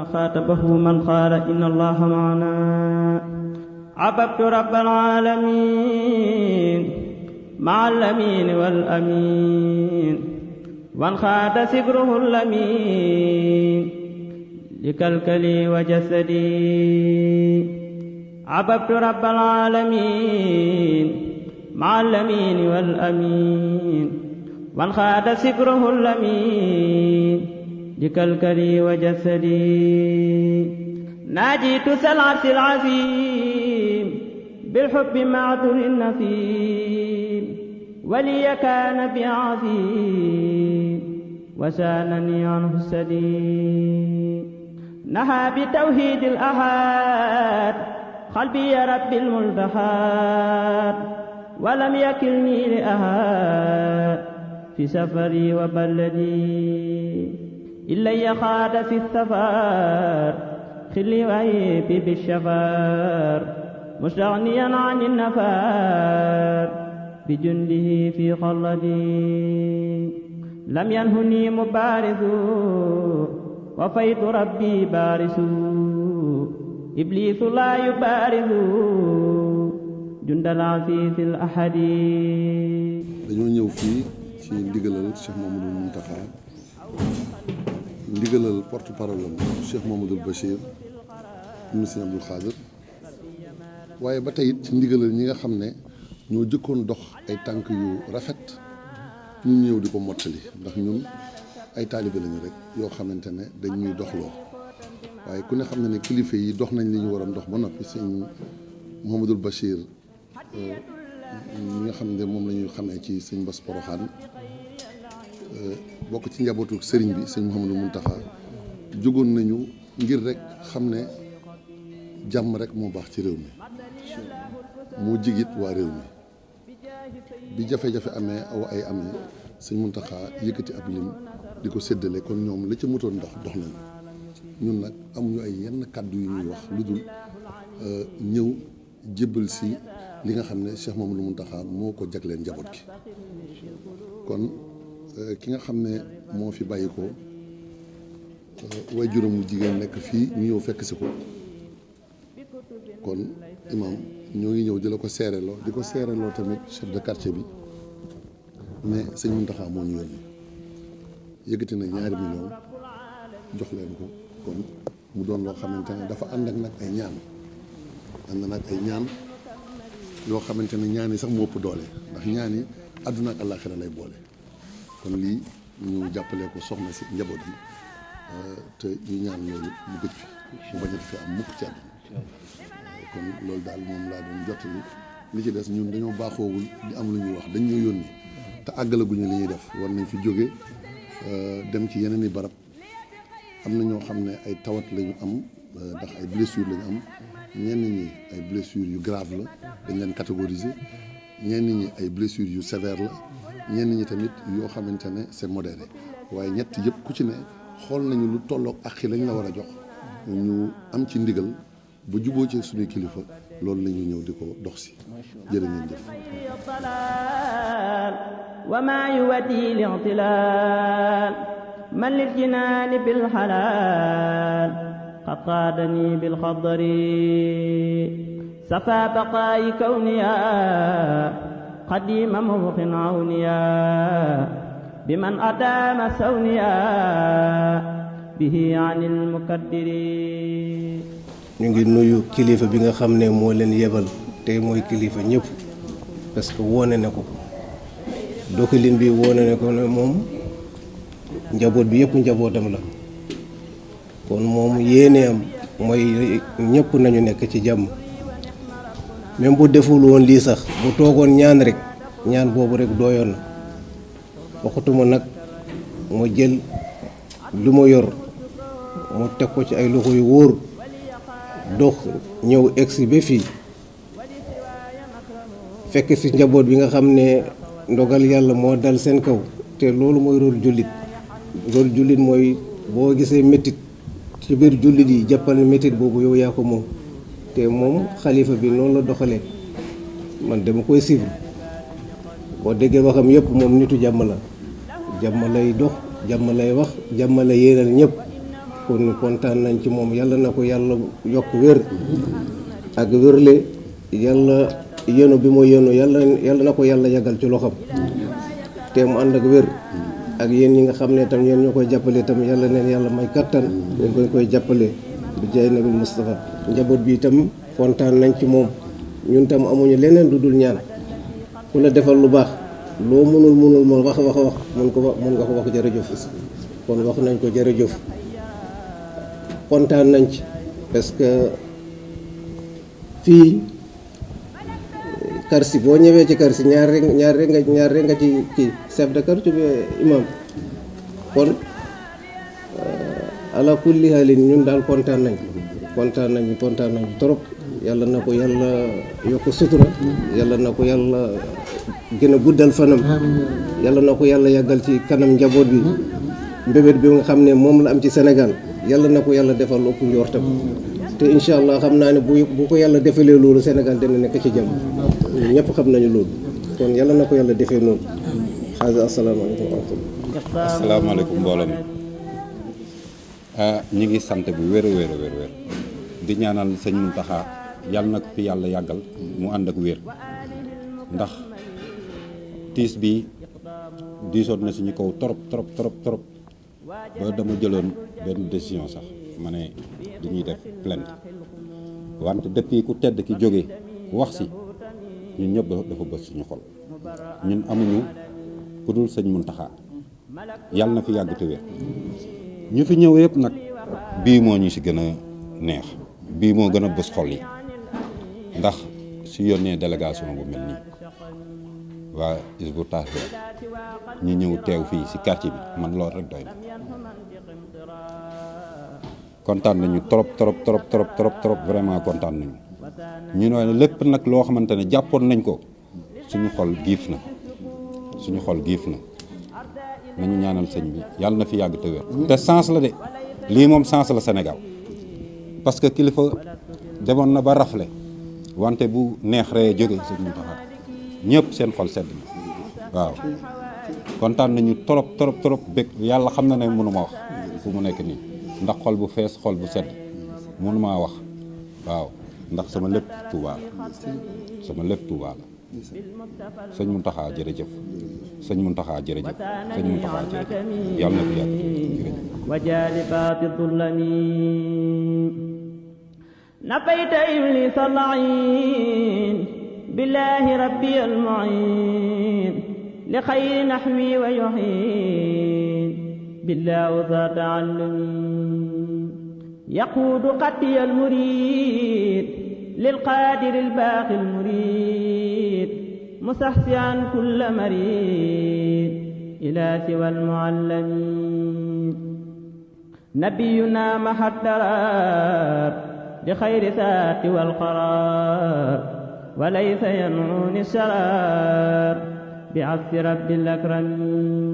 ما خاطبه من قال إن الله معنا عبدت رب العالمين مع الأمين والأمين وانخاد سبره اللمين لكلكلي وجسدي عبدت رب العالمين مع الأمين والأمين وانخاد سبره اللمين بكلكلي وجسدي ناجيت سلعة العظيم بالحب مع در النسيم ولي كان بعظيم وسالني عنه السليم نهى بتوحيد الأحد قلبي يا رب الملتحد ولم يكلني لأحد في سفري وبلدي إلا يخاد في السفر خلي وعيبي بالشفار مستغنيا عن النفار بجنده في خلدي لم ينهني مبارز وفيت ربي بارس إبليس لا يبارز جند العزيز الأحد dañoo نيو في في ndigalal شيخ Mamadou المنتخب ndigalal porte parole am Cheikh Mamadou Bachir ibn Serigne Abdoul Khadir waaye ba tey it ci ndigalal ñi nga xam ne ñoo jëkkoon dox ay tànk yu rafet ñu ñëw di ko mottali ndax ñun ay taalibe lañu rek yoo xamante ne dañ muy dox doxloo waaye ku ne xam ne ne kilifa yi dox nañ li ñu ndox dox ba noppi sëñ Mouhamadul Bachir euh, ñi nga xam ne moom la ñuy xamee ci sëñ Bass Porokhane bokk ci njabootu sëriñ bi sëñ Mouhamadou taxa jógoon nañu ngir rek xam ne jàmm rek moo baax ci réew mi moo jigit waa réew mi bi jafe-jafe amee aw ay amee sëñ Mountakha yëkkati ab lim di ko séddale kon ñoom la ci motoon ndox ndox nañu ñun nag amuñu ay yenn kàddu yu ñuy wax lu dul euh, ñëw jébbal si li nga xam ne Cheikh Mamadou Mountakha moo ko jagleen njaboot gi kon Euh, ki nga xam ne moo fi bàyyi ko euh, way juróom jigéen nekk fii ñu ñëw fekk si ko kon imam ñoo ngi ñëw di la ko seereloo di ko seereloo tamit chef de quartier bi ne sëñ Muntaxa moo ñu yónni yëkkati na ñaari million jox leen ko kon mu doon loo xamante ne dafa ànd ak nag ay ñaan ànd nag ay ñaan yoo xamante ne ñaan yi sax mu ëpp doole ndax ñaani yi àdduna ak àllaaxira lay boole kon lii ñu jàppale ko soxna si njaboot yi euh, te ñu ñaan loolu mu gëj fi mu a fi am mukk ci àdduna euh, kon loolu daal moom laa doon jottali li ci des ñun dañoo baaxoowul am lu ñuy wax dañ ñoo yónni te àggalaguñu ñuy def war nañ fi jóge euh, dem ci yeneen i barab am na ñoo xam ne ay tawat lañu am ndax ay blessure lañu am ñenn ñi ay blessure yu grave la dañ leen catégoriser ñenn ñi ay blessure yu sévère la ñenn ñi tamit yoo xamante ne c'est modéré waaye ñett yëpp ku ci ne xool nañu lu tolloog ak xi lañ la war a jox ñu am ci ndigal ba juboo ci suñuy kilifa loolu la ñuy ñëw di ko dox si jërë ngeen jëf وما يودي الاعتلال من للجنان بالحلال قد قادني بالخضر سفى بقاي كونيا قديم مبق عونيا بمن أدام سونيا به عن المكدرين ñu ngi nuyu kilifa bi nga xam ne moo leen yebal tey mooy kilifa ñëpp parce que woone na ko doxalin bi woone na ko ne moom njaboot bi yëpp njabootam la kon moom yéene mooy ñëpp nañu nekk ci jàmm même bu deful woon lii sax bu toogoon ñaan rek ñaan boobu rek dooyoon na waxatuma nag ma jël lu ma yor mu teg ko ci ay loxo yu wóor dox ñëw egsi ba fii fekk si njaboot bi nga xam ne ndogal yàlla moo dal seen kaw te loolu mooy rôle jullit rôle jullit mooy boo gisee métit ci biir jullit yi jàppal métit boobu yow yaa ko moom te moom xalifa bi noonu la doxalee man dama koy suivre boo déggee waxam yépp moom nitu jàmm la jàmm lay dox jàmm lay wax jàmm la yéenal ñëpp kon kontaan nañ ci moom yàlla na ko yàlla yokk wér ak wérle yàlla yéenu bi mu yéenu yàlla yàlla na ko yàlla yàggal ci loxam te mu ànd ak wér ak yéen ñi nga xam ne tam yéen ñoo koy jàppale tam yàlla neen yàlla may kattan ñu koy koy jàppale bi jaay nabi Mustafa, njabot bi tam Fontan nañ ci mom ñun tam amuñu leneen dudul ñaan ku la defal lu baax lo mënul mënul mo wax wax wax mën ko mën nga ko wax jërëjëf kon wax nañ ko jërëjëf kontaan nañ ci parce que fii karsi boo ñëwee ci karsi ñaar rek ñaar rek nga ñaar rek nga ci ci chef de quartier imam kon ala kulli haalin ñun daal kontaan nañ kontaan nañu kontaan nañu trop yàlla na ko yàlla yokk sutura yàlla na ko yàlla gën a guddal fanam yàlla na ko yàlla yàggal ci kanam njaboot bi mbébét bi nga xam ne moom la am ci Sénégal yàlla na ko yàlla defal ëpp njortam te incha allah xam naa ne bu bu ko yàlla defalee loolu Sénégal dana nekk ci jàmm ñëpp xam nañu loolu kon yàlla na ko yàlla defee noonu xaaga asalaamaaleykum wa Ah, ñi ngi sant bi wér a wér a wér wér di ñaanal sëñ Muntaxa yàlla na fi yàlla yàggal mu ànd ak wér ndax tiis bi diisoon na suñu kaw trop trop trop trop ba dama jëloon benn décision sax ma ne dañuy def plainte wante depuis ku tedd ki jóge wax si ñu ñëpp dafa bës suñu xol ñun amuñu ku dul mun Muntaxa yàlla na fi yàgg wér ñu fi ñëw yëpp nag bii moo ñu si gën a neex bii moo gën a bës xol yi ndax su yónnee délégation bu mel nii waa taas Tarqiyyah ñu ñëw teew fii si quartier bi man loolu rek doy na kontaan nañu trop trop trop trop trop trop vraiment kontaan nañu ñu ne lépp nag loo xamante ne jàppoon nañ ko suñu xol giif na suñu xol giif na. nañu ñaanal sëñ bi yàlla na fi yàgg te wér te sens la de lii moom sens la Sénégal parce que kilifa demoon na ba rafle wante bu neex ree jóge sëñ bi taxaw ñëpp seen xol sedd na waaw kontaan nañu trop trop trop bég yàlla xam na ne mënuma wax fu mu nekk nii ndax xol bu fees xol bu sedd mënumaa wax waaw ndax sama lépp Tuubaa sama lépp Tuubaa سيد منتخا جرجف جرجف سيد منتخا جرجف يا الله يا وجالبات الظلم نفيت إبليس اللعين بالله ربي المعين لخير نحوي ويحين بالله ذا تعلم يقود قتي المريد للقادر الباقي المريد مسحسيا كل مريد إلى سوى المعلمين نبينا محى لخير بخير سات والقرار وليس ينعون الشرار بعفو رب الأكرمين